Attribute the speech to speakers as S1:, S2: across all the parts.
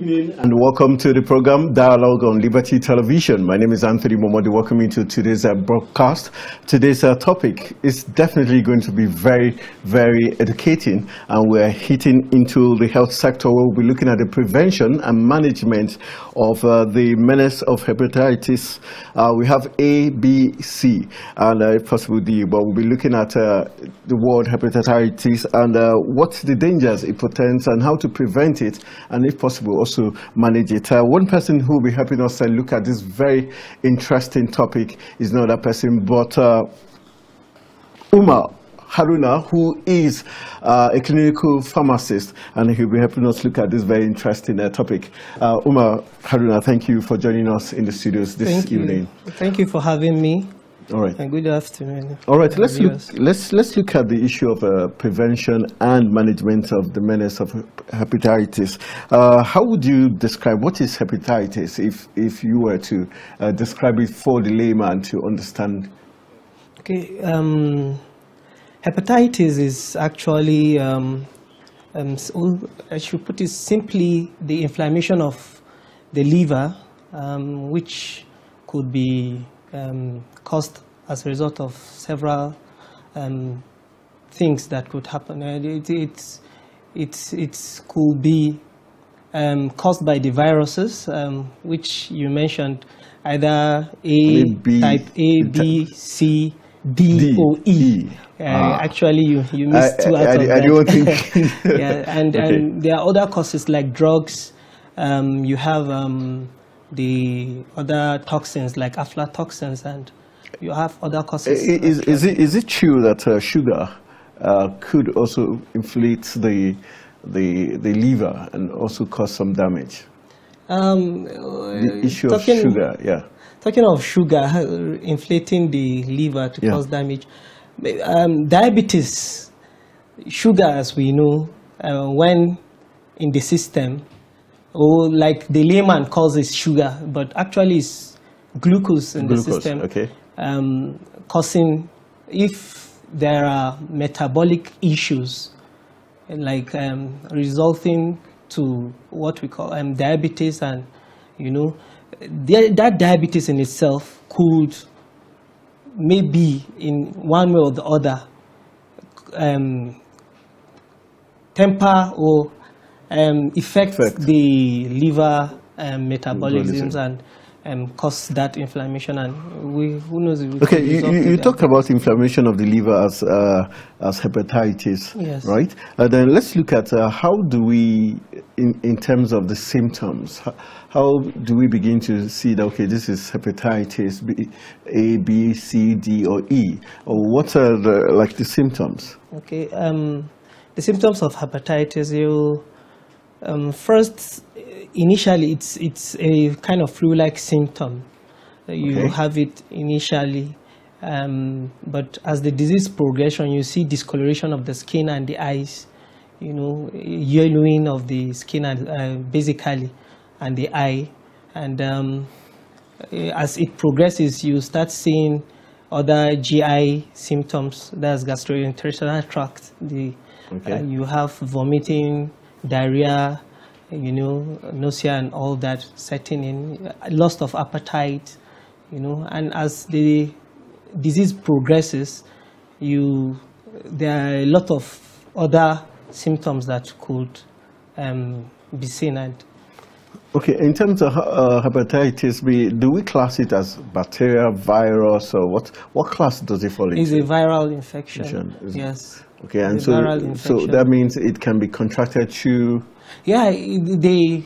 S1: evening and welcome to the program Dialogue on Liberty Television. My name is Anthony Momodi. Welcome to today's uh, broadcast. Today's uh, topic is definitely going to be very, very educating and we're hitting into the health sector. We'll be looking at the prevention and management of uh, the menace of hepatitis. Uh, we have A, B, C and uh, if possible D, but we'll be looking at uh, the word hepatitis and what the dangers it portends and how to prevent it and if possible also supposed to manage it. Uh, one person who will be helping us uh, look at this very interesting topic is not that person, but uh, Haruna, who is uh, a clinical pharmacist, and he'll be helping us look at this very interesting uh, topic. Uh, Haruna, thank you for joining us in the studios this thank evening.
S2: You. Thank you for having me. All right. And good afternoon. All right. Let's look.
S1: Let's let's look at the issue of uh, prevention and management of the menace of hepatitis. Uh, how would you describe what is hepatitis? If if you were to uh, describe it for the layman to understand.
S2: Okay. Um, hepatitis is actually. Um, um, so I should put it simply, the inflammation of the liver, um, which could be um, caused as a result of several um, things that could happen. Uh, it, it, it, it could be um, caused by the viruses, um, which you mentioned, either A, B, type Uh, ah. Actually, you, you missed I, two out I, of I, I don't think. yeah, and, okay. and there are other causes like drugs. Um, you have um, the other toxins like aflatoxins and you have other causes. Is, is, it,
S1: is it true that uh, sugar uh, could also inflate the, the, the liver and also cause some damage?
S2: Um, the uh, issue talking, of sugar, yeah. Talking of sugar, uh, inflating the liver to yeah. cause damage. Um, diabetes, sugar as we know, uh, when in the system, or oh, like the layman calls it sugar, but actually it's glucose in glucose, the system. Okay. Um, causing, if there are metabolic issues, like um, resulting to what we call um, diabetes and, you know, that diabetes in itself could maybe in one way or the other um, temper or um, Effect. the liver um, metabolisms and um, cause that inflammation and we, who knows okay you, you, you talk
S1: about inflammation of the liver as uh, as hepatitis yes. right and uh, then let's look at uh, how do we in, in terms of the symptoms how, how, do we begin to see that okay this is hepatitis B, A B C D or E or what are the, like the symptoms
S2: okay um, the symptoms of hepatitis you um, first, initially, it's, it's a kind of flu like symptom. Uh, you have it initially, um, but as the disease progression, you see discoloration of the skin and the eyes, you know, yellowing of the skin and uh, basically, and the eye. And um, uh, as it progresses, you start seeing other GI symptoms. That's gastrointestinal tract. The okay. uh, you have vomiting, diarrhea, you know, nausea and all that setting in, loss of appetite, you know, and as the disease progresses, you there are a lot of other symptoms that could um, be seen. And
S1: okay, in terms of uh, hepatitis B, do we class it as bacteria, virus, or what? What class does it fall into? It's a
S2: viral infection. infection yes. It? Okay, and so, so that
S1: means it can be contracted to.
S2: Yeah, they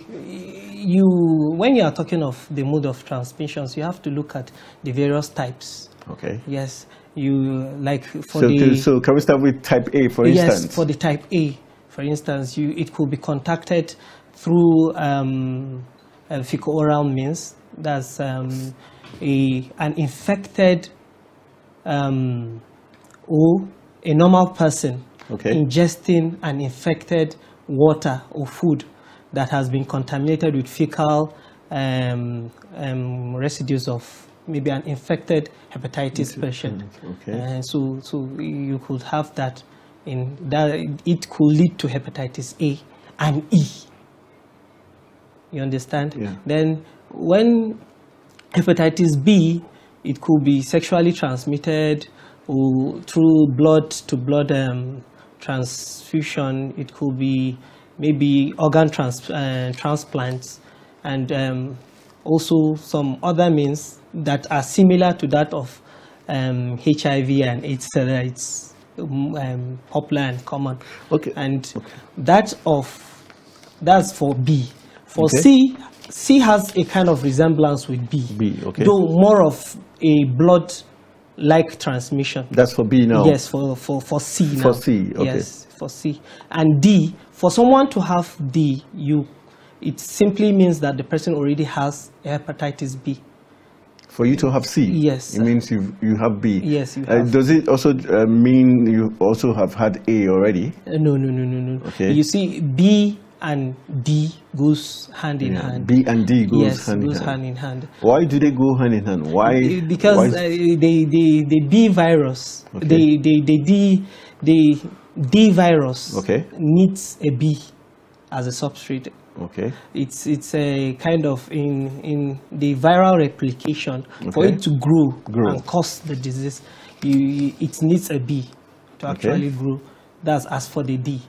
S2: you when you are talking of the mode of transmissions, you have to look at the various types. Okay. Yes, you like for so the. so can
S1: we start with type A, for yes, instance? Yes,
S2: for the type A, for instance, you it could be contacted through um, uh, fecal oral means. That's um, a an infected um, O a normal person okay. ingesting an infected water or food that has been contaminated with fecal um, um, residues of maybe an infected hepatitis mm-hmm. patient. Mm-hmm. Okay. Uh, so, so you could have that in that it could lead to hepatitis A and E. You understand? Yeah. Then when hepatitis B, it could be sexually transmitted, through blood to blood um, transfusion, it could be maybe organ trans uh, transplants and um, also some other means that are similar to that of um, HIV and AIDS. It's um, um, popular and common. Okay. And okay. that of that's for B. For okay. C, C has a kind of resemblance with B. B. Okay. Though more of a blood like transmission. That's for B now? Yes, for, for, for C now. For C, okay. Yes, for C. And D, for someone to have D, you, it simply means that the person already has hepatitis B.
S1: For you to have C? Yes. It means you you have B? Yes, You uh, have Does it also uh, mean you also have had A already? Uh,
S2: no, no, no, no, no. Okay. You see, B and D goes hand in yeah, hand. B and D goes, yes, hand, goes in hand. hand in hand.
S1: Why do they go hand in hand? Why? Because why? Uh,
S2: the, the, the D virus, okay. the, the, the, D, the D virus okay. needs a B as a substrate. Okay. It's it's a kind of in in the viral replication okay. for it to grow, grow, and cause the disease. You, it needs a B to actually okay. grow. That's as for the D.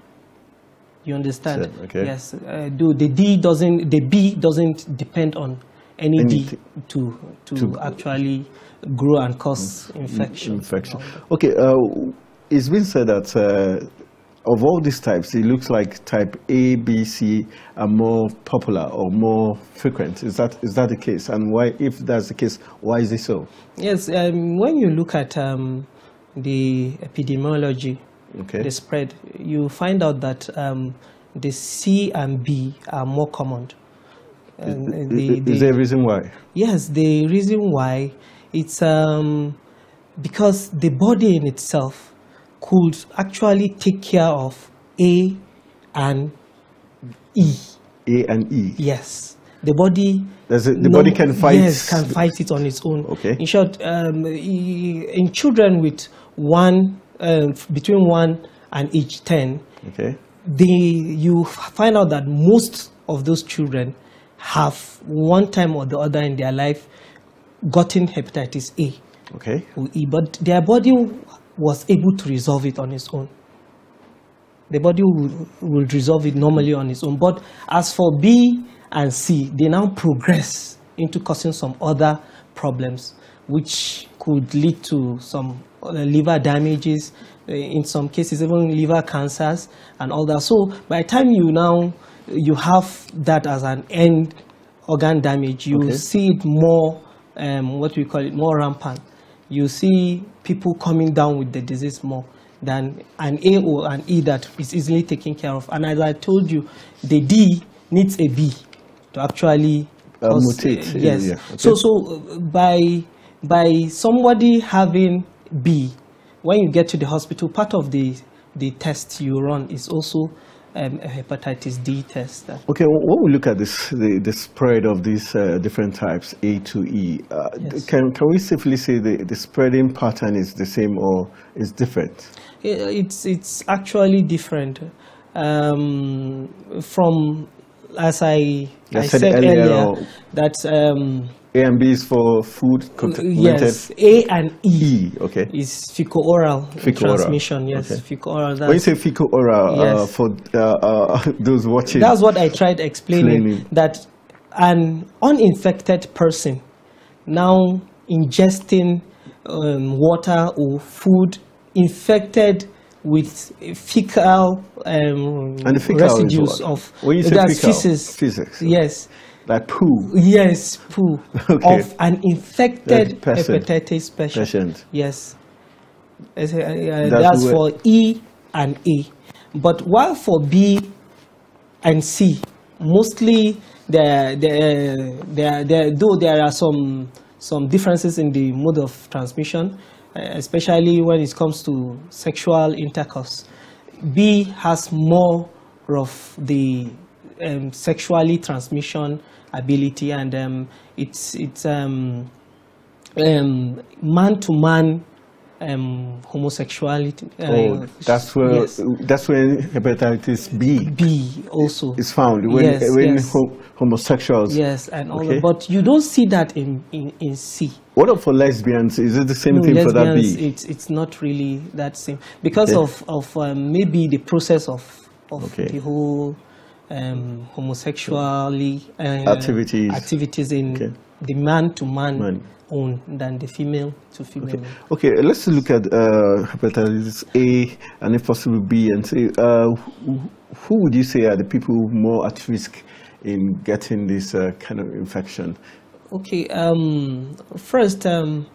S2: You understand? okay. Yes. Uh, do the D doesn't the B doesn't depend on any D to, to, to actually grow and cause mm, infection.
S1: Infection. Okay. Uh, it's been said that uh, of all these types, it looks like type A, B, C are more popular or more frequent. Is that is that the case? And why, if that's the case, why is it so?
S2: Yes. Um, when you look at um, the epidemiology okay. the spread, you find out that um, the C and B are more common. is, the, the, is there a reason why? Yes, the reason why it's um, because the body in itself could actually take care of A and
S1: E. A and E.
S2: Yes, the body. the no, body can fight. Yes, can fight it on its own. Okay. In short, um, in children with one uh, between 1 and each 10, okay. you find out that most of those children have one time or the other in their life gotten hepatitis A okay. but their body was able to resolve it on its own. The body will, will resolve it normally on its own. But as for B and C, they now progress into causing some other problems, which could lead to some uh, liver damages, uh, in some cases even liver cancers and all that. So by the time you now you have that as an end organ damage, you okay. see it more, um, what we call it, more rampant. You see people coming down with the disease more than an A or an E that is easily taken care of. And as I told you, the D needs a B to actually uh, mutate. Yes. Yeah. Okay. So so uh, by by somebody having B, when you get to the hospital, part of the, the test you run is also um, a hepatitis D test.
S1: Okay, well, when we look at this, the, the spread of these uh, different types, A to E, uh, yes. can, can we safely say the, the spreading pattern is the same or is different?
S2: It's, it's actually different. Um, from, as I, I said, said, earlier, earlier that um,
S1: a and B is for food Yes,
S2: A and E. E, okay. Is fecal-oral transmission, yes. Okay. Fecal-oral. When you say
S1: fecal-oral, uh, yes. for uh, uh, those watching. That's what I
S2: tried explaining, explaining, that an uninfected person now ingesting um, water or food infected with fecal, um, fecal residues of when you say fecal, feces. Physics, yes like poo. Yes, poo okay. of an infected person, hepatitis patient. patient. Yes, that's, uh, uh, that's, that's for E and A. But while for B and C, mostly there, there, there, there, though there are some some differences in the mode of transmission, uh, especially when it comes to sexual intercourse. B has more of the um, sexually transmission ability, and um, it's it's um, man to man um, homosexuality. Uh, oh, that's where yes.
S1: that's where hepatitis B B also is found when yes, when yes. Ho homosexuals. Yes,
S2: and all okay. that. But you don't see that in, in, in C.
S1: What about for lesbians? Is it the same no, thing lesbians, for that
S2: B? It's it's not really that same because okay. of of um, maybe the process of of okay. the whole um, homosexually uh, activities activities in okay. the man to man, man, own than the female to female. Okay,
S1: okay. let's look at uh, hepatitis A and if possible B and say uh, who would you say are the people more at risk in getting this uh, kind of infection?
S2: Okay, um, first um,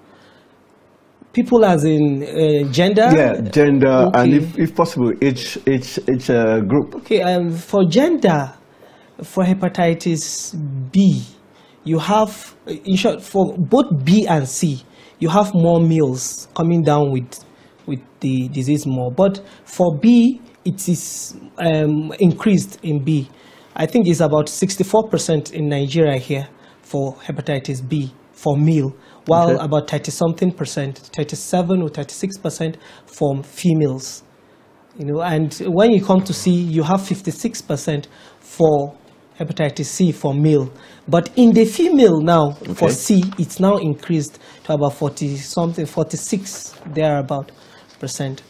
S2: people as in uh, gender yeah
S1: gender okay. and if, if possible each each each uh, group
S2: okay um, for gender for hepatitis b you have in short for both b and c you have more males coming down with with the disease more but for b it is um, increased in b i think it's about 64% in nigeria here for hepatitis b for male while okay. about 30 something percent, 37 or 36 percent from females. You know, and when you come to see, you have 56 percent for hepatitis C for male. But in the female now, okay. for C, it's now increased to about 40 something, 46 about percent.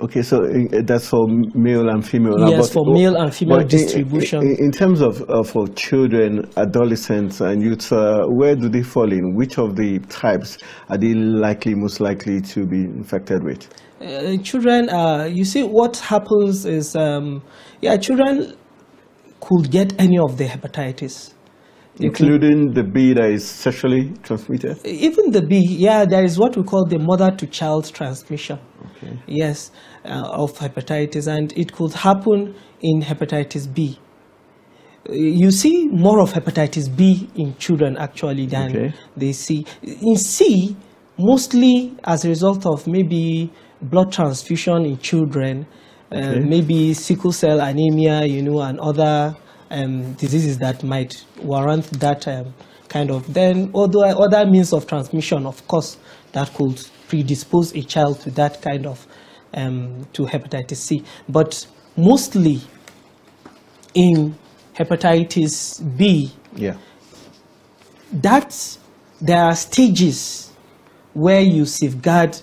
S1: Okay, so uh, that's for male and female. Yes, but, for male and female distribution. In, in, terms of uh, for children, adolescents, and youth, uh, where do they fall in? Which of the types are they likely, most likely to be infected with?
S2: Uh, children, uh, you see, what happens is, um, yeah, children could get any of the hepatitis. Including
S1: the bee that is sexually transmitted?
S2: Even the bee, yeah, there is what we call the mother to child transmission. Okay. Yes, uh, of hepatitis, and it could happen in hepatitis B. You see more of hepatitis B in children actually than okay. they see. In C, mostly as a result of maybe blood transfusion in children, uh, okay. uh, maybe sickle cell anemia, you know, and other um, diseases that might warrant that um, kind of. Then other, other means of transmission, of course, that could predispose a child to that kind of, um, to hepatitis C. But mostly in hepatitis B, yeah. that there are stages where you safeguard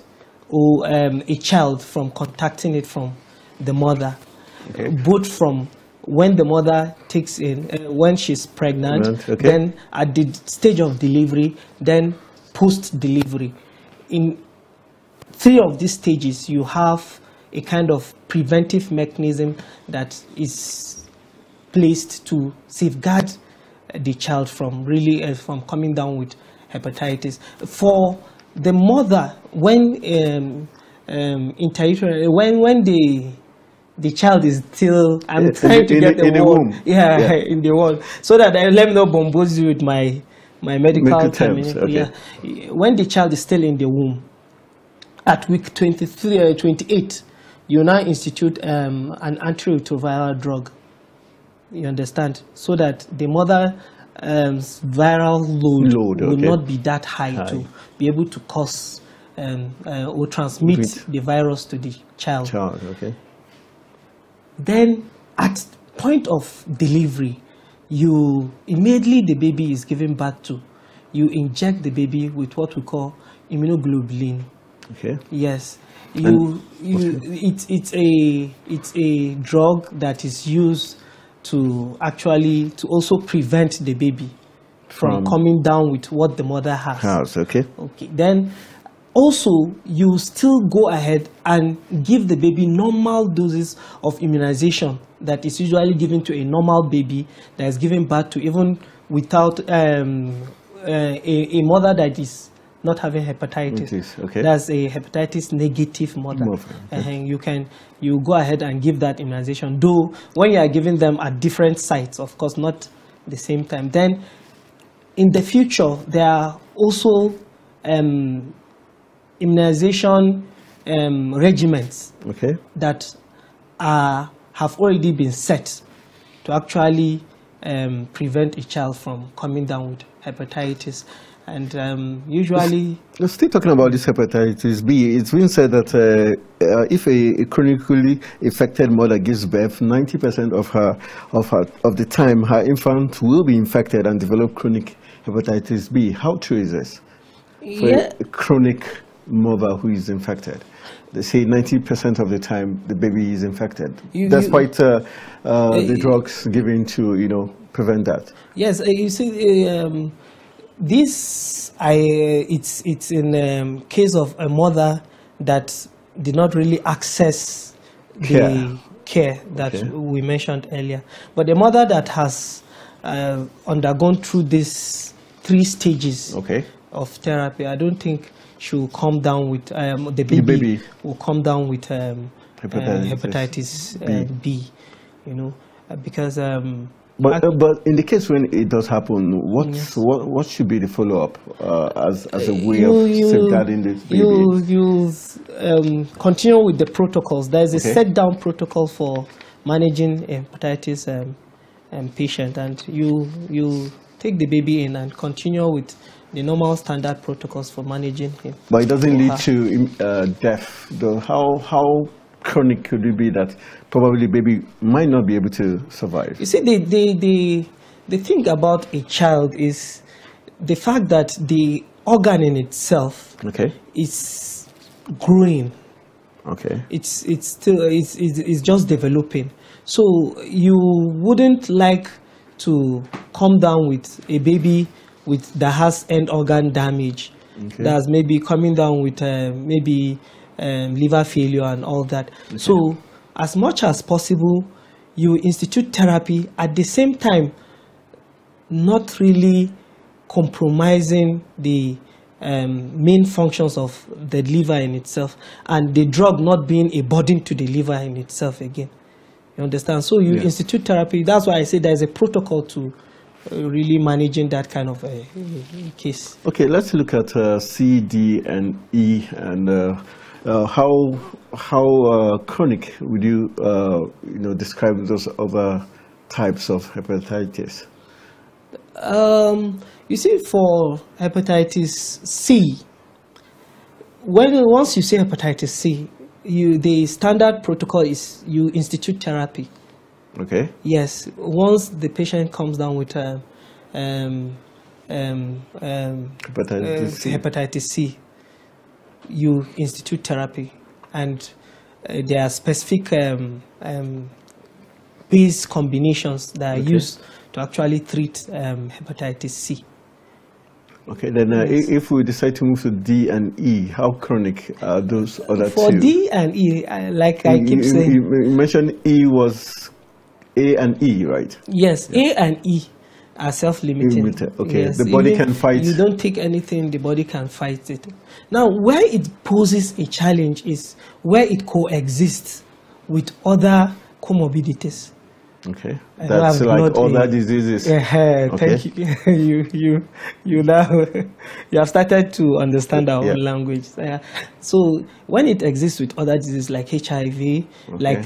S2: or, oh, um, a child from contacting it from the mother, okay. both from when the mother takes in, uh, when she's pregnant, okay. then at the stage of delivery, then post delivery. In three of these stages, you have a kind of preventive mechanism that is placed to safeguard the child from really uh, from coming down with hepatitis. For the mother, when um, um, when when the the child is still I'm yes, trying in, to get in, the, in the womb. Yeah, yeah, in the wall. So that I, let me not bombard you with my my medical, medical terms. Okay. Yeah. When the child is still in the womb, at week 23 or uh, 28, you now institute um, an antiretroviral drug. You understand? So that the mother um, viral load, load will okay. not be that high, high, to be able to cause um, uh, or transmit the virus to the child. child okay. Then at point of delivery, you immediately the baby is given back to, you inject the baby with what we call immunoglobulin. Okay. Yes. You, you, it's, it's, a, it's a drug that is used to actually to also prevent the baby from, from coming down with what the mother has. Has, okay. Okay. Then also you still go ahead and give the baby normal doses of immunization that is usually given to a normal baby that is given birth to even without um, uh, a, a, mother that is not having hepatitis. Is, okay. That's a hepatitis negative mother. okay. And uh-huh, you can you go ahead and give that immunization. Though when you are giving them at different sites, of course, not the same time. Then in the future, there are also um, immunization um, regimens okay. that are, have already been set to actually um, prevent a child from coming down with hepatitis. And um, usually...
S1: We're still talking about this hepatitis B. It's been said that uh, uh, if a, a, chronically affected mother gives birth, 90% of her, of her of the time her infant will be infected and develop chronic hepatitis B. How true is this? For yeah. chronic mother who is infected. They say 90% of the time the baby is infected. You, Despite uh, uh, uh, the drugs given to, you know, prevent that.
S2: Yes, uh, you see, um, this, I, uh, it's, it's in um, case of a mother that did not really access the care, care that okay. we mentioned earlier. But a mother that has uh, undergone through these three stages okay of therapy, I don't think she will come down with um, the, baby the baby will come down with um, hepatitis, uh, hepatitis B. Uh, B. you know, uh, because. Um,
S1: but, uh, but in the case when it does happen, what yes. what, what should be the follow
S2: up uh, as, as a way you, of you, safeguarding this baby? You, you um, continue with the protocols. There is a set down protocol for managing hepatitis um, um, patient, and you you take the baby in and continue with the normal standard protocols for managing him. But it doesn't lead her. Uh-huh.
S1: to uh, death. Though. How, how chronic could it be that probably baby might not be able to survive?
S2: You see, the, the, the, the thing about a child is the fact that the organ in itself okay. is growing. Okay. It's, it's still it's, it's, it's just developing. So you wouldn't like to come down with a baby with that has end organ damage, okay. that's maybe coming down with uh, maybe um, liver failure and all that. Okay. So, as much as possible, you institute therapy at the same time, not really compromising the um, main functions of the liver in itself and the drug not being a burden to the liver in itself again. You understand? So you institute therapy. That's why I say there's a protocol to really managing that kind of a uh, case.
S1: Okay, let's look at uh, C, D, and E, and uh, uh, how how uh, chronic would you uh, you know describe those other
S2: types of hepatitis? Um, you see, for hepatitis C, when once you say hepatitis C, you the standard protocol is you institute therapy. Okay. Yes. Once the patient comes down with um, um, um, um hepatitis, uh, C. hepatitis C, you institute therapy, and uh, there are specific um, um base combinations that are okay. used to actually treat um, hepatitis C. Okay,
S1: then uh, yes. if we decide to move to D and E, how chronic are those other For two? For D and E, uh,
S2: like I keep you, saying.
S1: You mentioned E was a and E, right?
S2: Yes, yes. A and E are self-limiting. Limited. Okay, yes. the body Even can fight. You don't take anything, the body can fight it. Now, where it poses a challenge is where it coexists with other comorbidities. Okay, that's like other diseases. okay. thank you. you, you, you now, you have started to understand our yeah. language. So when it exists with other diseases like HIV, okay. like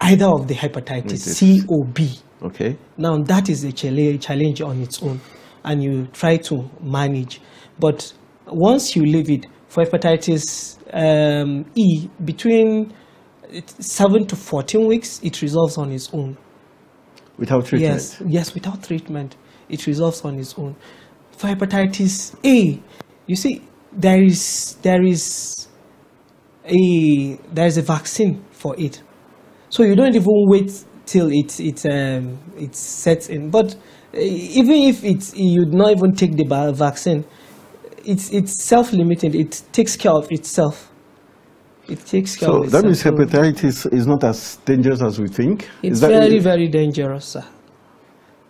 S2: either of the hepatitis C or B. Okay. Now that is a challenge on its own, and you try to manage. But once you leave it for hepatitis um, E, between seven to fourteen weeks, it resolves on its own.
S1: Without treatment. Yes,
S2: yes, without treatment, it resolves on its own. For hepatitis A, you see, there is there is a there is a vaccine for it. So you don't even wait till it it um, it sets in. But eh, even if it's you'd not even take the vaccine, it's it's self-limited. It takes care of itself. It takes care so of itself. So that means
S1: hepatitis is not as dangerous as we think. It's very
S2: very dangerous, sir.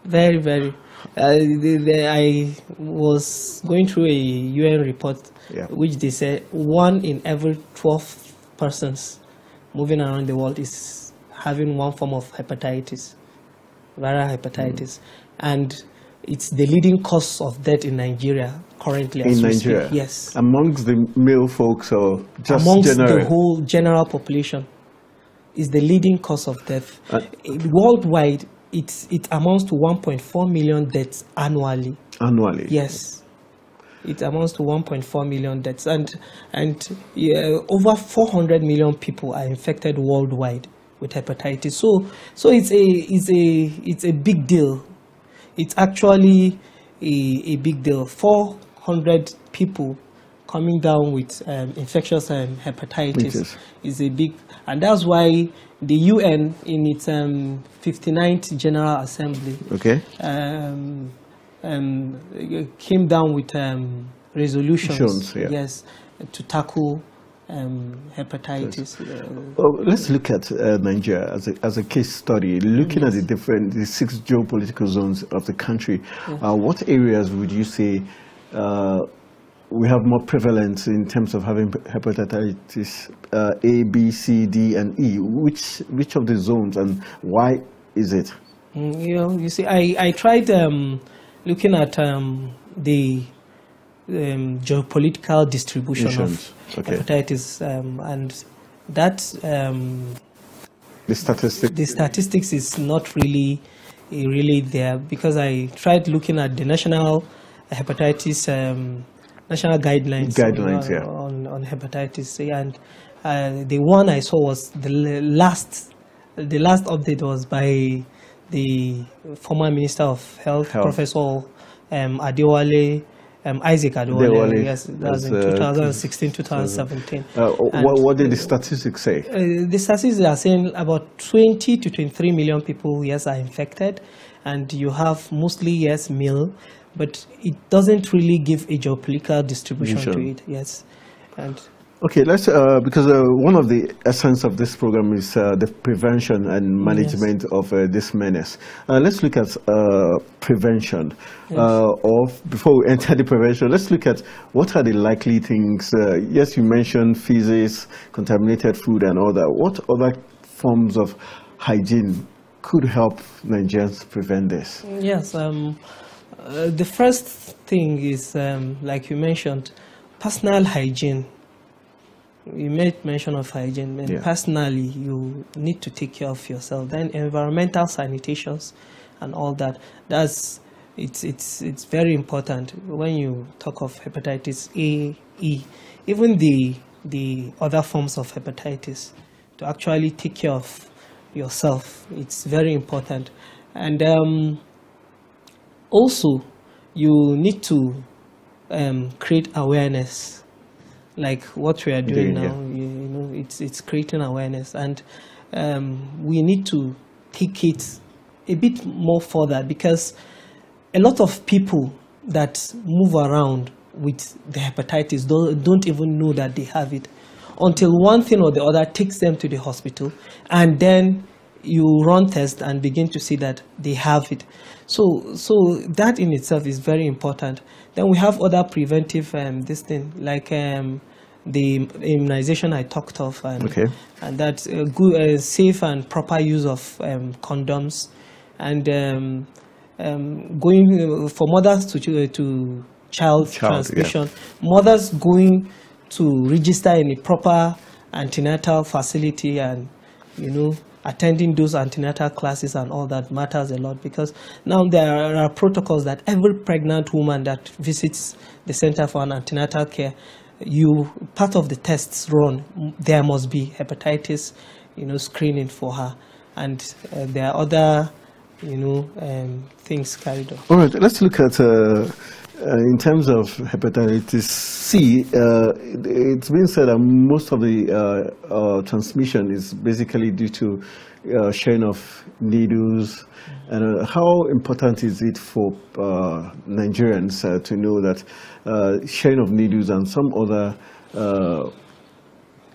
S2: Very very. Uh, the, the, I was going through a UN report, yeah. which they said one in every 12 persons moving around the world is having one form of hepatitis, viral hmm. hepatitis, mm. and it's the leading cause of death in Nigeria currently. In Nigeria, speak. yes.
S1: Amongst the male folks or just amongst general? the
S2: whole general population, is the leading cause of death uh, eh, worldwide. It's it amounts to 1.4 million deaths annually. Annually. Yes. It amounts to 1.4 million deaths, and and yeah, over 400 million people are infected worldwide with hepatitis. So, so it's a it's a it's a big deal. It's actually a, a big deal. 400 people coming down with um, infectious um, hepatitis is. a big, and that's why the UN in its um, 59th General Assembly okay. Um, um, came down with um, resolutions, Jones, yeah. yes, to tackle um, hepatitis. let's
S1: look at uh, Nigeria as a, as a case study, looking yes. at the different, the six geopolitical zones of the country. Yes. Uh, what areas would you say uh, we have more prevalence in terms of having hepatitis uh, A, B, C, D, and E? Which, which of the zones and why is it?
S2: Mm, you know, you see, I, I tried um, looking at um, the um, geopolitical distribution of okay. hepatitis, um, and that um, the statistics the statistics is not really eh, really there because I tried looking at the national hepatitis um, national guidelines guidelines on, yeah. on, on hepatitis eh, and uh, the one I saw was the last the last update was by the former minister of health, health. professor um, Adewale um, Isaac Adewale. Um, yes, that was in 2016, 2017. Uh, uh
S1: what, what, did the uh, statistics say?
S2: Uh, the statistics are saying about 20 to 23 million people, yes, are infected, and you have mostly, yes, male, but it doesn't really give a geopolitical distribution to it, yes. And
S1: Okay, let's uh, because uh, one of the essence of this program is uh, the prevention and management yes. of uh, this menace. Uh, let's look at uh, prevention. Yes. of before we enter the prevention, let's look at what are the likely things. yes, you mentioned feces, contaminated food, and all that. What other forms of hygiene could help Nigerians prevent this?
S2: Yes, um, the first thing is um, like you mentioned, personal hygiene you made mention of hygiene and yeah. personally you need to take care of yourself then environmental sanitations and all that that's it's it's it's very important when you talk of hepatitis a e even the the other forms of hepatitis to actually take care of yourself it's very important and um, also you need to um, create awareness like what we are doing now. Yeah. You, you, know, it's it's creating awareness, and um, we need to take it a bit more further because a lot of people that move around with the hepatitis don't, don't even know that they have it until one thing or the other takes them to the hospital and then you run tests and begin to see that they have it. So, so that in itself is very important. Then we have other preventive um, this thing like um, the immunization I talked of, and, um, okay. and that uh, good, uh, safe and proper use of um, condoms, and um, um, going uh, for mothers to uh, to child, child transmission, yeah. mothers going to register in a proper antenatal facility and you know attending those antenatal classes and all that matters a lot because now there are protocols that every pregnant woman that visits the Center for Antenatal Care, you part of the tests run, there must be hepatitis, you know, screening for her, and uh, there are other, you know, um, things carried on.
S1: All right, let's look at. Uh uh, in terms of hepatitis C, uh, it's been said that most of the uh, uh transmission is basically due to uh, sharing of needles. And uh, how important is it for Nigerians to know that sharing of needles and some other,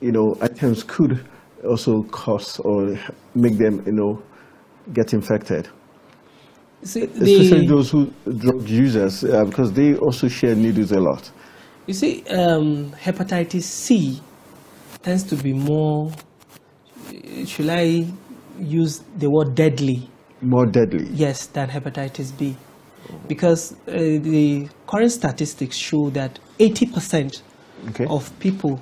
S1: you know, items could also cause or make them, you know, get infected?
S2: See, Especially
S1: those who drug users, uh, because they also share needles a
S2: lot. You see, um, hepatitis C tends to be more, should I use the word deadly?
S1: More deadly?
S2: Yes, than hepatitis B. Because uh, the current statistics show that 80% okay. of people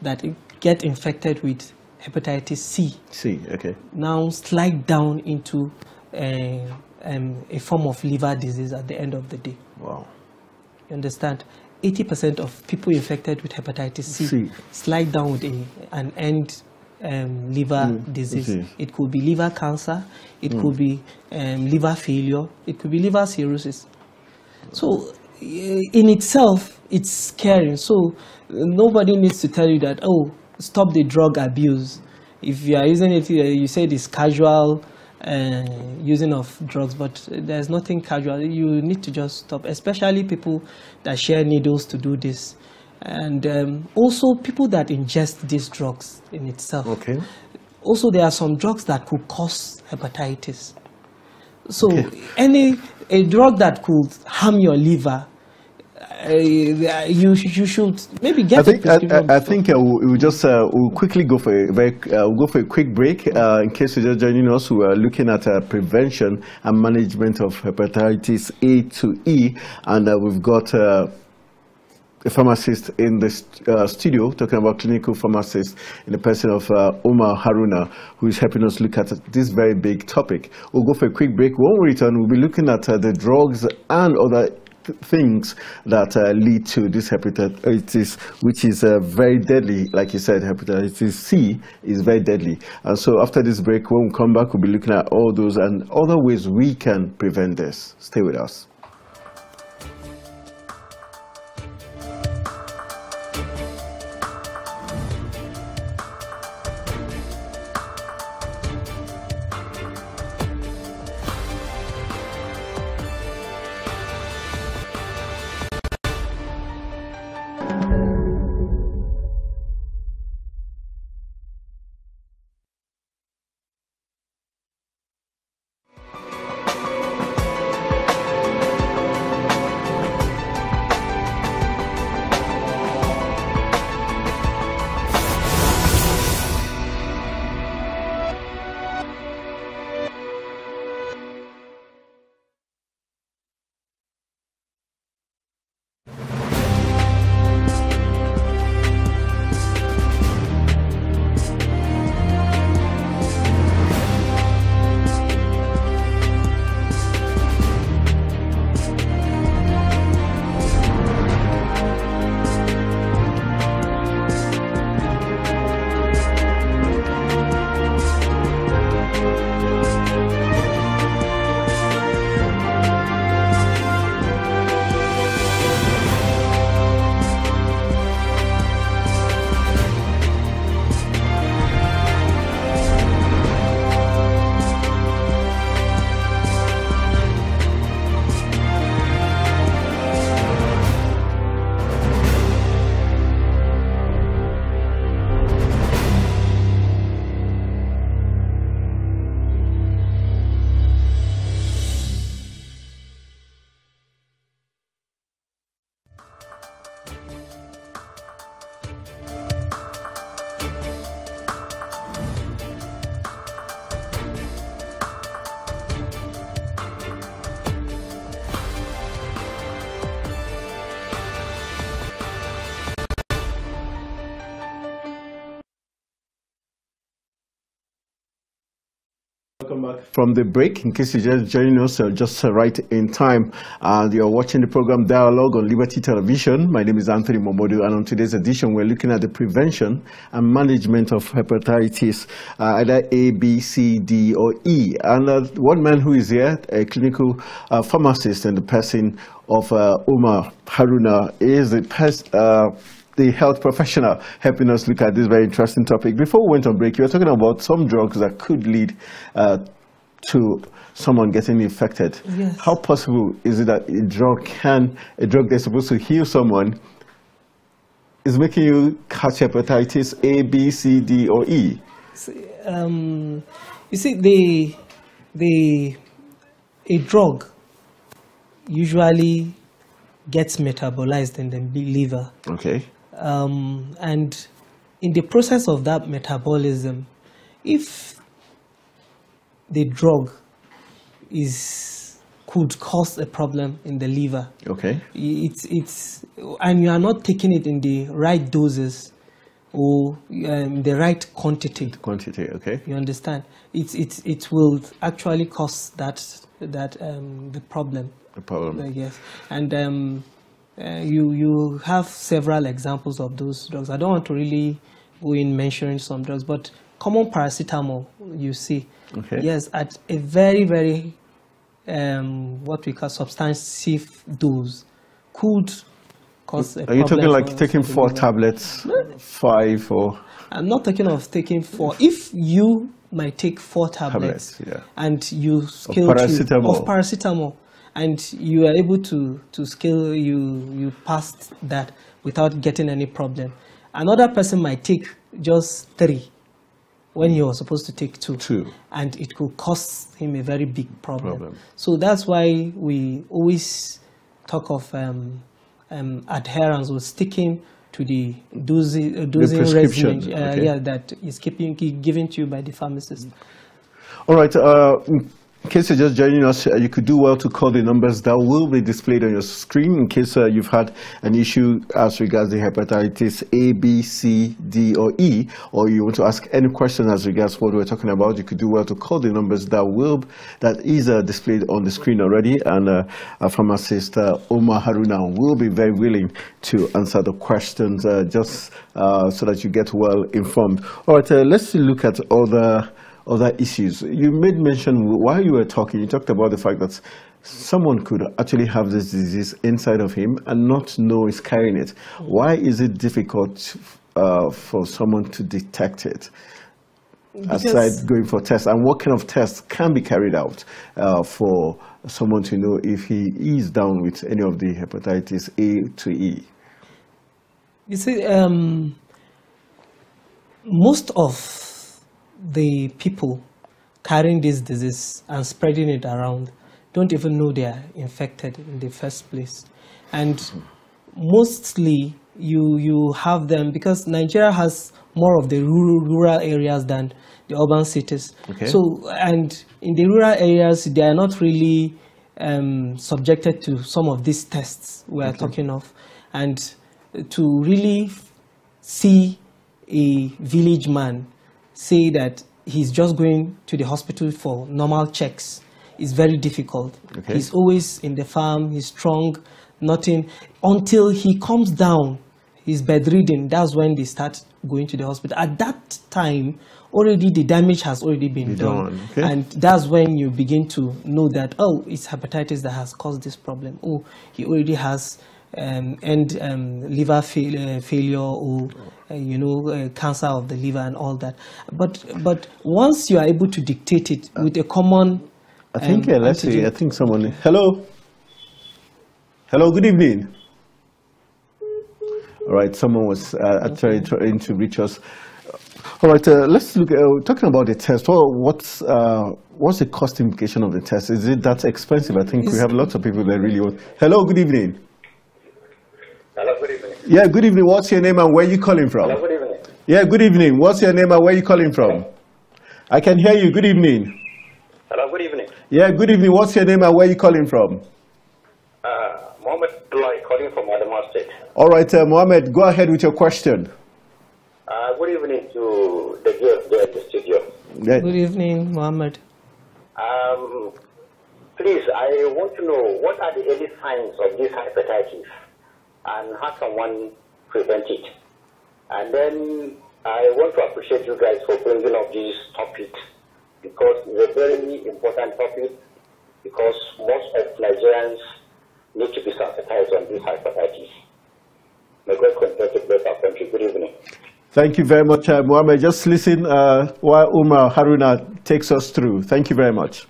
S2: that get infected with hepatitis C,
S1: C okay.
S2: now slide down into uh, um, a form of liver disease at the end of the day. Wow. You understand? 80% of people infected with hepatitis C, C. slide down with a, an end um, liver mm. disease. Okay. It could be liver cancer, it mm. could be um, liver failure, it could be liver cirrhosis. So, eh, in itself, it's scary. So, nobody needs to tell you that, oh, stop the drug abuse. If you are using it, eh, you said it's casual uh, using of drugs, but there's nothing casual. You need to just stop, especially people that share needles to do this. And um, also people that ingest these drugs in itself. Okay. Also, there are some drugs that could cause hepatitis. So okay. any a drug that could harm your liver you you should maybe get. I think I,
S1: I, I, think uh, we'll, we'll, just uh, we'll quickly go for a very uh, we'll go for a quick break uh, in case you're just joining us. We are looking at uh, prevention and management of hepatitis A to E, and we've got a pharmacist in the st uh, studio talking about clinical pharmacists in the person of uh, Omar Haruna, who is helping us look at this very big topic. We'll go for a quick break. When we return, we'll be looking at uh, the drugs and other things that uh, lead to this hepatitis, which is uh, very deadly. Like you said, hepatitis C is very deadly. And so after this break, when we come back, we'll be looking at all those and other ways we can prevent this. Stay with us. back from the break. In case you just joined us, uh, just uh, right in time, and you're watching the program Dialogue on Liberty Television. My name is Anthony Momodu, and on today's edition, we're looking at the prevention and management of hepatitis, uh, either A, B, C, D, or E. And uh, one man who is here, a clinical uh, pharmacist, and the person of uh, Omar Haruna, is the person the health professional helping us look at this very interesting topic. Before we went on break, you were talking about some drugs that could lead uh, to someone getting infected. Yes. How possible is it that a drug can, a drug that's supposed to heal someone, is making you catch hepatitis A, B, C, D, or
S2: E? um, you see, the, the, a drug usually gets metabolized in the liver. Okay. Um, and in the process of that metabolism, if the drug is could cause a problem in the liver. Okay. It's it's and you are not taking it in the right doses or um, the right quantity. The quantity, okay. You understand? It's it's it will actually cause that that um, the problem. The problem. Uh, yes, and um, uh, you you have several examples of those drugs. I don't want to really go in mentioning some drugs, but common paracetamol you see, okay. yes, at a very very um, what we call substantive dose could cause. Are you talking like taking four
S1: tablets, five or?
S2: I'm not talking of taking four. If you might take four tablets, tablets yeah. and you scale of paracetamol. To, of paracetamol and you are able to, to scale, you, you passed that without getting any problem. Another person might take just three when he was supposed to take two. Two. And it could cost him a very big problem. problem. So that's why we always talk of um, um, adherence or sticking to the uh, dosing, dosing the regimen uh, okay. yeah, that is keeping, given to you by the pharmacist.
S1: All right. Uh, in case you're just joining us, uh, you could do well to call the numbers that will be displayed on your screen in case uh, you've had an issue as regards the hepatitis A, B, C, D, or E, or you want to ask any question as regards what we're talking about, you could do well to call the numbers that will that is uh, displayed on the screen already, and uh, our pharmacist uh, Omar Haruna will be very willing to answer the questions uh, just so that you get well informed. All right, let's look at other other issues. You made mention while you were talking, you talked about the fact that someone could actually have this disease inside of him and not know he's carrying it. Why is it difficult uh, for someone to detect it? Because aside going for tests, and what kind of tests can be carried out uh, for someone to know if he is down with any of the hepatitis A to E?
S2: You see, um, most of the people carrying this disease and spreading it around don't even know they are infected in the first place. And mostly you, you have them because Nigeria has more of the rural, rural areas than the urban cities. Okay. So, and in the rural areas, they are not really um, subjected to some of these tests we are okay. talking of. And to really see a village man say that he's just going to the hospital for normal checks is very difficult. Okay. He's always in the farm, he's strong, nothing. Until he comes down, he's bedridden, that's when they start going to the hospital. At that time, already the damage has already been, done. done. Okay. And that's when you begin to know that, oh, it's hepatitis that has caused this problem. Oh, he already has um, and um, liver fail, uh, failure or uh, you know uh, cancer of the liver and all that. But but once you are able to dictate it with a common, I think um, yeah, let's antigen.
S1: see. I think someone. Hello.
S2: Hello. Good evening.
S1: All right. Someone was uh, uh, actually trying to reach us. All right, uh, let's look at uh, talking about the test. Well, what's uh, what's the cost implication of the test? Is it that expensive? I think it's we have lots of people that really want. Hello, good evening good evening. Yeah, good evening. What's your name and where you calling from? Hello, good evening. Yeah, good evening. What's your name and where you calling from? I can hear you. Good evening. Hello, good evening. Yeah, good evening. What's your name and where you calling from? Uh, Mohammed Dulai calling from Adamawa State. All right, uh, Mohammed, go ahead with your question. Uh, good evening to the guest there at the studio. Yeah. Good evening, Mohammed. Um, please, I want to know what are the early signs of this hepatitis? and how can one prevent it? And then I want to appreciate you guys for
S2: bringing up this topic because it's a very important topic because most of Nigerians need to be sensitized on this hypothesis.
S1: May God continue to bless our country. Good evening. Thank you very much, uh, Muhammad. Just listen uh, while Umar Haruna takes us through. Thank you very much.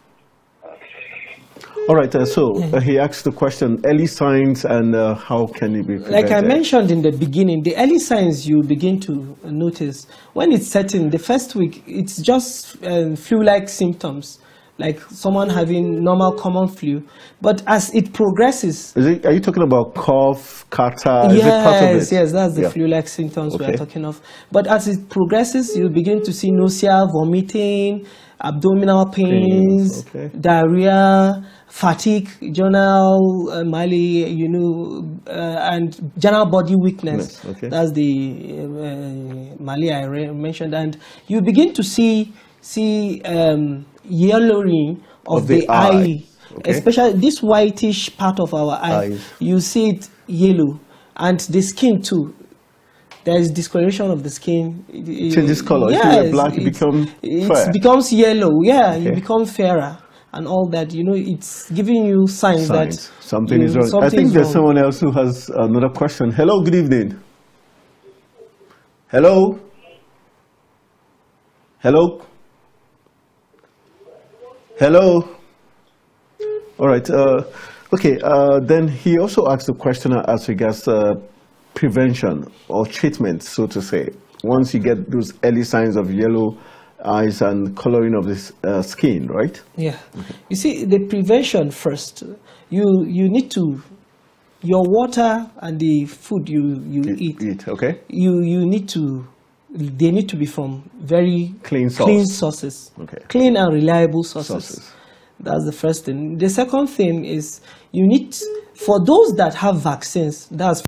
S1: All right, uh, so uh, he asked the question, early signs and uh, how can it be prevented? Like I
S2: mentioned in the beginning, the early signs you begin to notice, when it's setting, the first week, it's just uh, flu-like symptoms, like someone having normal common flu. But as it progresses... It, are you talking about cough, catar? Yes, yes, that's the yeah. flu-like symptoms okay. we're talking of. But as it progresses, you begin to see nausea, vomiting, abdominal pains, okay. diarrhea, fatigue, general uh, mali, you know, uh, and general body weakness. okay. That's the uh, mali I mentioned, and you begin to see see um, yellowing of, of the, the, eye, eye. Okay. especially this whitish part of our eye. Eyes. You see it yellow, and the skin too there is discoloration of the skin. It changes color. Yeah, black, it,
S1: become it
S2: becomes yellow. Yeah, okay. you become fairer and all that. You know, it's giving you signs, signs. that something you, is wrong. Something I think there's wrong. someone
S1: else who has another question. Hello, good evening. Hello. Hello. Hello. All right. Uh, okay. Uh, then he also asked a question as regards uh, prevention or treatment, so to say. Once you get those early signs of yellow eyes and coloring of the uh, skin, right?
S2: Yeah. Okay. You see, the prevention first. You you need to your water and the food you you e eat. Eat, okay. You you need to they need to be from very clean, source. clean sources. Okay. Clean and reliable sources. sources. That's the first thing. The second thing is you need for those that have vaccines. That's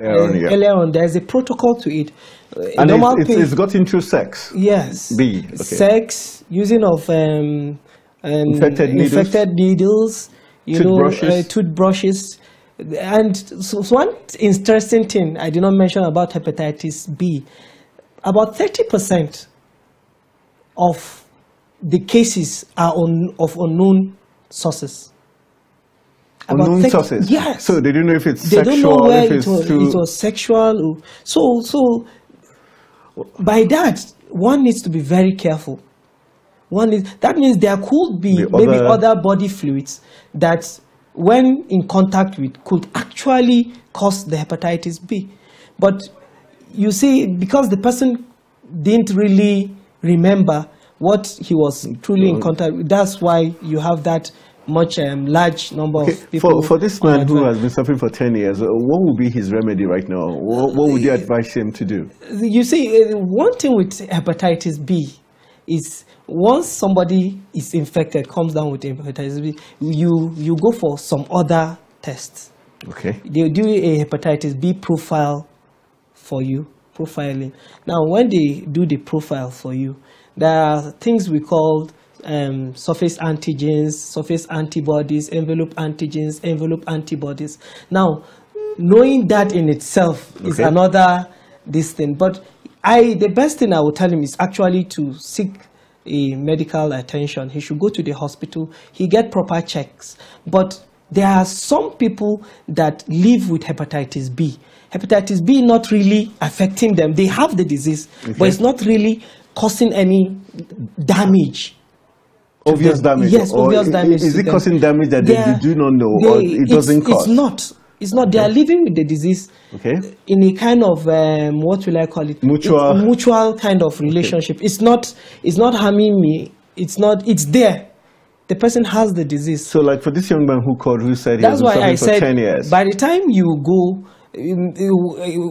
S2: Earlier on, yeah. earlier on, there's a protocol to it. and normal it's, it's, it's
S1: got into sex. Yes. B. Okay. Sex,
S2: using of um, um, infected needles, infected needles you toothbrushes. know, uh, toothbrushes. And so, so one interesting thing I did not mention about hepatitis B, about 30% of the cases are on, of unknown sources unknown sources. Yes.
S1: So they don't know if it's they sexual. They don't know where it was, it
S2: was sexual. So, so by that, one needs to be very careful. One is, that means there could be the maybe other... other body fluids that, when in contact with, could actually cause the hepatitis B. But you see, because the person didn't really remember what he was truly in contact with, that's why you have that much um, large number okay. of people. For, for this
S1: man who has been suffering for 10 years, uh, what would be his remedy right now? What, what would you advise him to do?
S2: You see, uh, one thing with hepatitis B is once somebody is infected, comes down with hepatitis B, you, you go for some other tests. Okay. They do a hepatitis B profile for you, profiling. Now, when they do the profile for you, there are things we call um, surface antigens, surface antibodies, envelope antigens, envelope antibodies. Now, knowing that in itself okay. is another this thing. But I, the best thing I would tell him is actually to seek a medical attention. He should go to the hospital. He get proper checks. But there are some people that live with hepatitis B. Hepatitis B not really affecting them. They have the disease, okay. but it's not really causing any damage obvious them. damage. Yes, or obvious damage. Is it causing damage that they, they do not know, they, or it doesn't it's, cause? It's not. It's not. Okay. They are living with the disease. Okay. In a kind of um, what will I call it? Mutual. It's mutual kind of relationship. Okay. It's not. It's not harming me. It's not. It's there. The person has the disease. So, like for this young man who called, who said he has been I said, for ten years. By the time you go,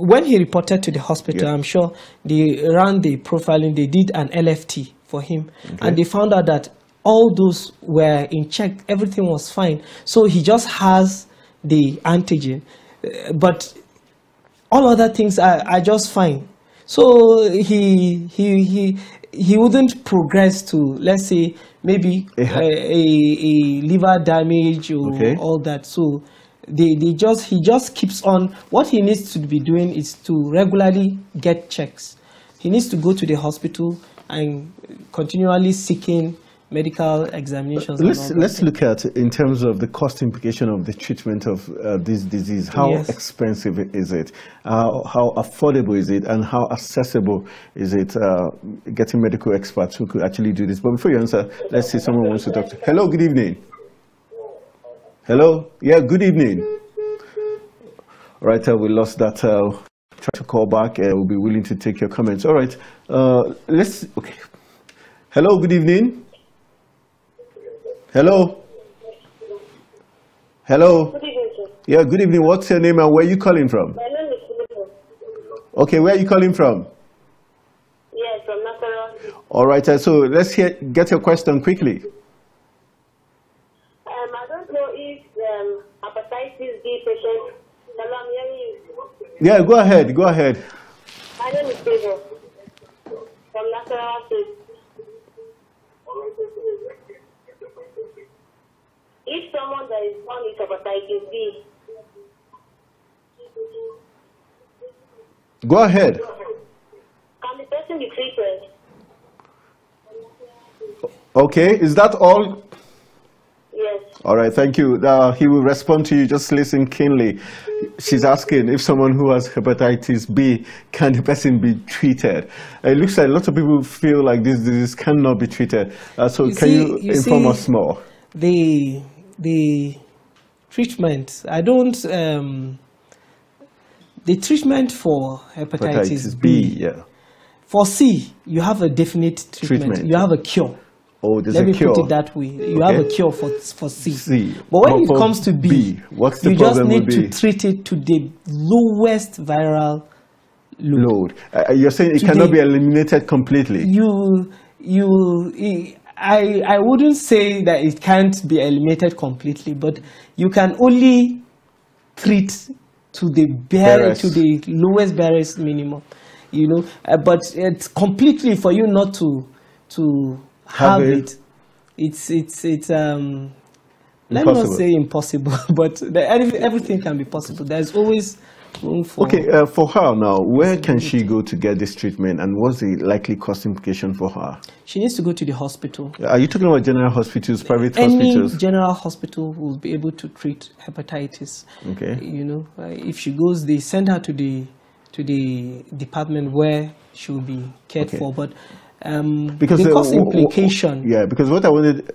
S2: when he reported to the hospital, yeah. I'm sure they ran the profiling. They did an LFT for him, okay. and they found out that all those were in check, everything was fine. So he just has the antigen, uh, but all other things are, are just fine. So he, he, he, he wouldn't progress to, let's say, maybe a, a, a liver damage or okay. all that. So they, they just, he just keeps on. What he needs to be doing is to regularly get checks. He needs to go to the hospital and continually seeking medical examinations. Let's let's
S1: look at in terms of the cost implication of the treatment of uh, this disease. How yes. expensive is it? Uh, how affordable is it? And how accessible is it? Uh, getting medical experts who could actually do this. But before you answer, let's see someone wants to talk to. Hello, good evening. Hello, yeah, good evening. All right, uh, we lost that. Uh, try to call back. Uh, we'll be willing to take your comments. All right, let's. Okay. Hello, good evening. Hello? Hello? Good evening, sir. Yeah, good evening. What's your name and where are you calling from? My name is Philippo. Okay, where are you calling from?
S2: Yes, from Nasarawa.
S1: All right, uh, so let's hear, get your question quickly.
S2: Um, I don't know if um, hepatitis D patient. Hello, I'm hearing you.
S1: Yeah, go ahead, go ahead.
S2: My name is Favor from Nasarawa State. if someone that is born with hepatitis B. Go ahead. Can the person be treated?
S1: Okay, is that all? Yes. All right, thank you. Uh, he will respond to you. Just listen keenly. She's asking if someone who has hepatitis B, can the person be treated? It looks like a lot of people feel like this disease cannot be treated. Uh, so you can see, you, you, inform see, us more?
S2: The the treatment. I don't. Um, the treatment for hepatitis, hepatitis B, B. Yeah. For C, you have a definite treatment. treatment. You have a cure. Oh, there's Let a me cure. put it that way. You okay. have a cure for for C. C. But when but it comes to B, B what's the you just need to treat it to the lowest viral load. load.
S1: Uh, you're saying it to cannot the, be eliminated completely.
S2: You you I, I wouldn't say that it can't be eliminated completely, but you can only treat to the bare, to the lowest barest minimum, you know. Uh, but it's completely for you not to to have, have it. it. It's it's it's um. Impossible. Let me not say impossible, but the, everything can be possible. There's always for okay,
S1: uh, for her now, where can she go to get this treatment and what's the likely cost implication for her?
S2: She needs to go to the hospital.
S1: Are you talking about general hospitals, private Any hospitals? Any
S2: general hospital will be able to treat hepatitis. Okay. You know, uh, if she goes, they send her to the to the department where she will be cared okay. for. But um, because the uh, cost implication.
S1: Yeah, because what I wanted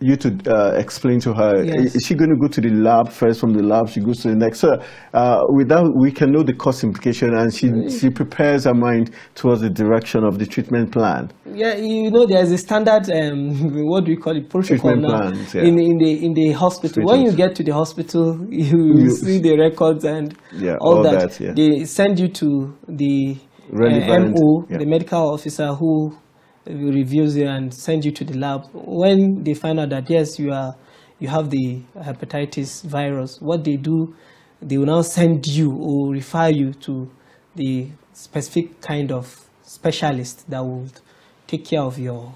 S1: you to uh, explain to her. Yes. Is she going to go to the lab first? From the lab, she goes to the next. So uh, without we can know the cost implication, and she mm. she prepares her mind towards the direction of the treatment plan.
S2: Yeah, you know, there is a standard. Um, what do we call it? Protocol treatment now plans, yeah. in in the in the hospital. When you get to the hospital, you, you see the records and yeah, all, all, that. that yeah. They send you to the uh, MO, the medical officer who reviews you and send you to the lab. When they find out that, yes, you, are, you have the hepatitis virus, what they do, they will now send you or refer you to the specific kind of specialist that will take care of your,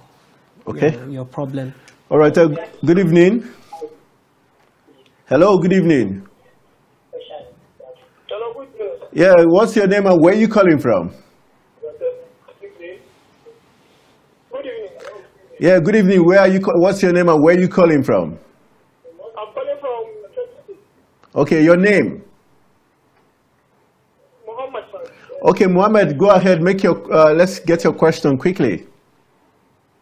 S2: okay. your, your problem.
S1: All right. Uh, good evening. Hello. Good evening. Yeah. What's your name and where are you calling from? Yeah, good evening. Where are you? What's your name and where are you calling from? I'm calling from. Okay, your name. Muhammad. Okay, Muhammad, go ahead. Make your. Uh, let's get your question quickly.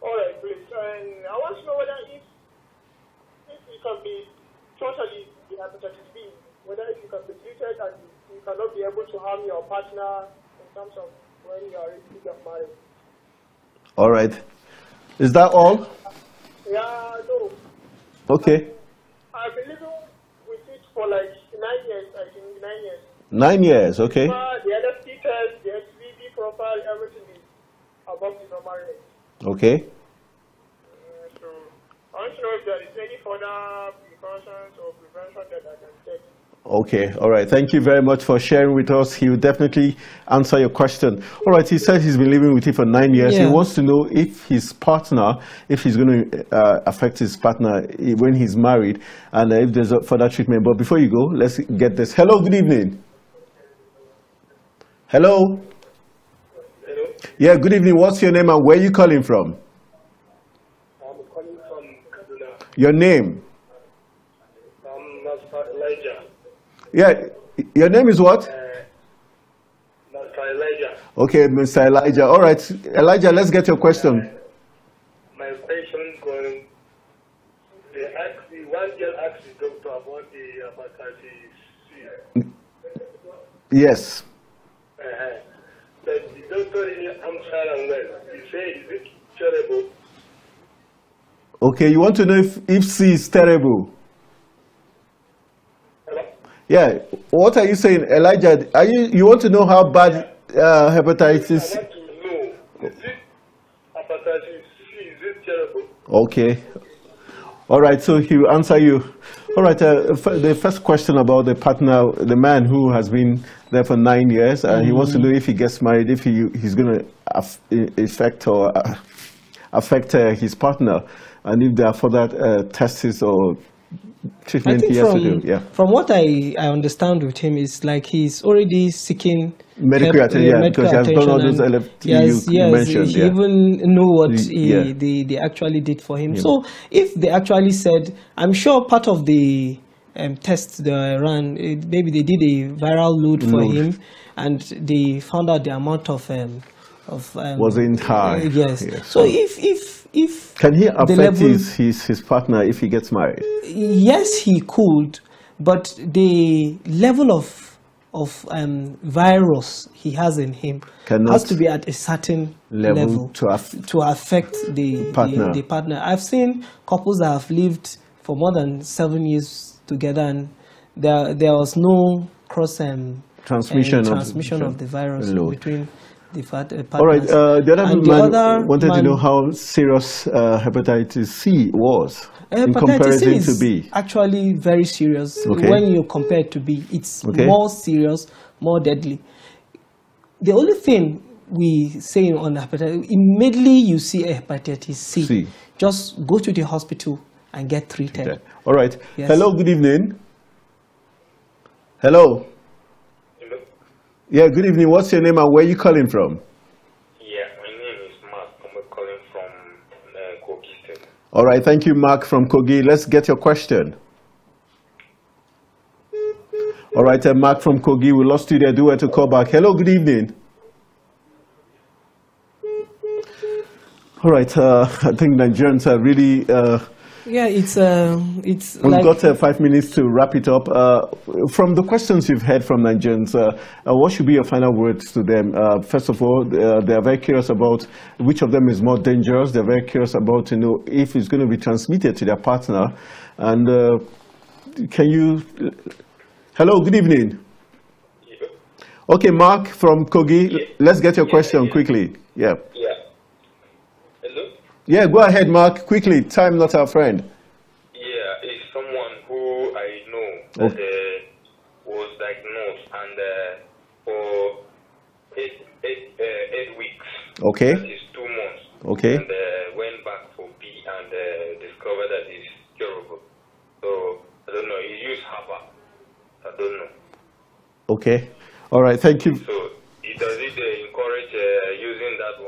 S1: All
S2: right, please. And I want to know whether if, you can be totally the whether you can be treated and you cannot be able to harm your partner in terms of when you are in of marriage.
S1: All right. Is that all? Yeah, no. Okay. I've been living with it for like nine years, I think, nine years. Nine years, okay. The LFT test, the HVB profile, everything is above the normal rate. Okay. Uh, so, I want to know if there is any further precautions or prevention that I can take. Okay, all right. Thank you very much for sharing with us. He will definitely answer your question. All right, he said he's been living with you for nine years. Yeah. He wants to know if his partner, if he's going to uh, affect his partner when he's married and if there's a further treatment. But before you go, let's get this. Hello, good evening. Hello. Hello. Yeah, good evening. What's your name and where are you calling from? I'm calling from Kaduna. Your name? Yeah, your name is what? Uh, Mr. Elijah. Okay, Mr. Elijah. All right, Elijah, let's get your question. Uh, my question going. They asked me, one girl asked the doctor about the hepatitis C. Yes. Uh-huh. The doctor answered and well. He said, is it terrible? Okay, you want to know if, if C is terrible? Yeah. What are you saying, Elijah? Are you you want to know how bad uh, hepatitis? I to know. Is it hepatitis C? Is it terrible? Okay. All right. So he will answer you. All right. Uh, the first question about the partner, the man who has been there for nine years, and uh, mm he wants to mm-hmm. know if he gets married, if he he's going to affect or uh, affect uh, his partner, and if there are further uh, tests or treatment he has from, to do. Yeah.
S2: From what I, I understand with him is like he's already seeking medical help, attention, yeah, medical uh, because he has done all those LFT yes, you, yes, mentioned. He yeah. even knew what he, yeah. they, they actually did for him. Yeah. So if they actually said, I'm sure part of the um, that they ran, it, eh, maybe they did a viral load for load. him and they found out the amount of um, of um, was in high. Uh, yes. yes. So if if if can he affect level, his,
S1: his his partner if he gets married?
S2: Yes, he could, but the level of of um, virus he has in him Cannot has to be at a certain level, level to, af to, affect the partner. The, the, partner. I've seen couples that have lived for more than seven years together, and there there was no cross um, transmission, um, transmission of, of, the virus load. between the partners. Uh, All right. Uh, the other and man the other wanted man to know
S1: how serious uh, hepatitis C was uh, hepatitis in comparison C to B.
S2: Actually, very serious. Okay. When you compare it to B, it's okay. more serious, more deadly. The only thing we say on hepatitis, immediately you see a hepatitis C, C. just go to the hospital and get treated. Okay.
S1: All right. Yes. Hello. Good evening. Hello. Yeah, good evening. What's your name and where are you calling from?
S2: Yeah, my name is Mark. I'm calling from uh, Kogi State.
S1: All right, thank you, Mark from Kogi. Let's get your question. All right, uh, Mark from Kogi, we lost you there. Do want to call back. Hello, good evening. All right, uh, I think Nigerians are really. Uh,
S2: yeah, it's uh, it's. We've like got uh,
S1: five minutes to wrap it up. Uh, from the questions you've heard from Nigerians, uh, uh, what should be your final words to them? Uh, first of all, they are very curious about which of them is more dangerous. They're very curious about you know if it's going to be transmitted to their partner, and can you? Hello, good evening. Yeah. Okay, Mark from Kogi, yeah. let's get your yeah, question quickly. Yeah. Yeah, go ahead, Mark. Quickly, time not our friend.
S2: Yeah, it's someone who I know that okay. uh, was diagnosed and uh, for eight, eight, uh, eight weeks. Okay. That is two months. Okay. And uh, went back for B and uh, discovered that it's curable. So I don't know. He used I don't know.
S1: Okay. All right. Thank you.
S2: So it does it uh, encourage using that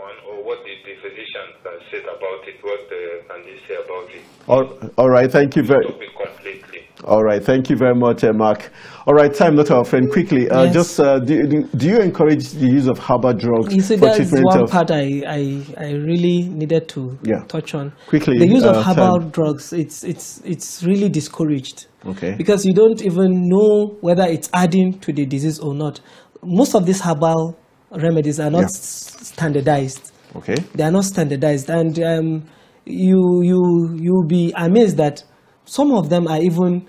S2: physicians said about it what uh, can you say about it. All, all right, thank you very much. All right, thank
S1: you very much, uh, Mark. All right, time not our friend. Quickly, uh, yes. just uh, do, do you encourage the use of herbal drugs you see, for treatment? is one of...
S2: part I, I, I really needed to yeah. touch on. Quickly, the use of uh, herbal time. drugs it's it's it's really discouraged. Okay. Because you don't even know whether it's adding to the disease or not. Most of these herbal remedies are not yeah. standardized. Okay. They are not standardized, and um, you you you'll be amazed that some of them are even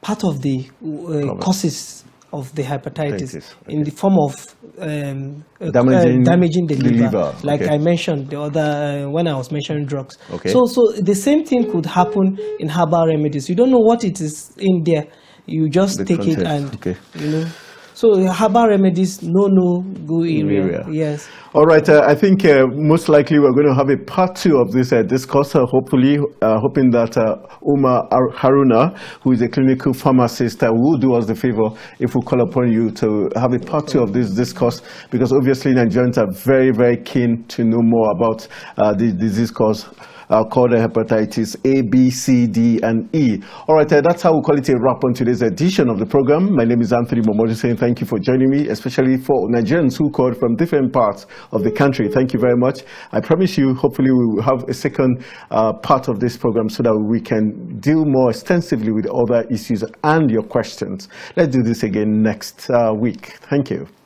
S2: part of the uh, causes of the hepatitis okay. in the form of um, uh, damaging, uh, damaging the, the liver, liver. like okay. I mentioned the other uh, when I was mentioning drugs. Okay. So, so the same thing could happen in herbal remedies. You don't know what it is in there. You just the take it and okay. you know. So herbal remedies, no, no, go area. area. Yes.
S1: All right. Uh, I think uh, most likely we're going to have a part two of this uh, discourse, uh, hopefully, uh, hoping that uh, Uma Haruna, who is a clinical pharmacist, will do us the favor if we call upon you to have a part two of this discourse, because obviously Nigerians are very, very keen to know more about the disease cause uh, called hepatitis A, B, C, D, and E. All right, uh, that's how we call it a wrap on today's edition of the program. My name is Anthony Momodu saying thank you for joining me, especially for Nigerians who called from different parts of the country. Thank you very much. I promise you, hopefully, we will have a second uh, part of this program so that we can deal more extensively with other issues and your questions. Let's do this again next uh, week. Thank you.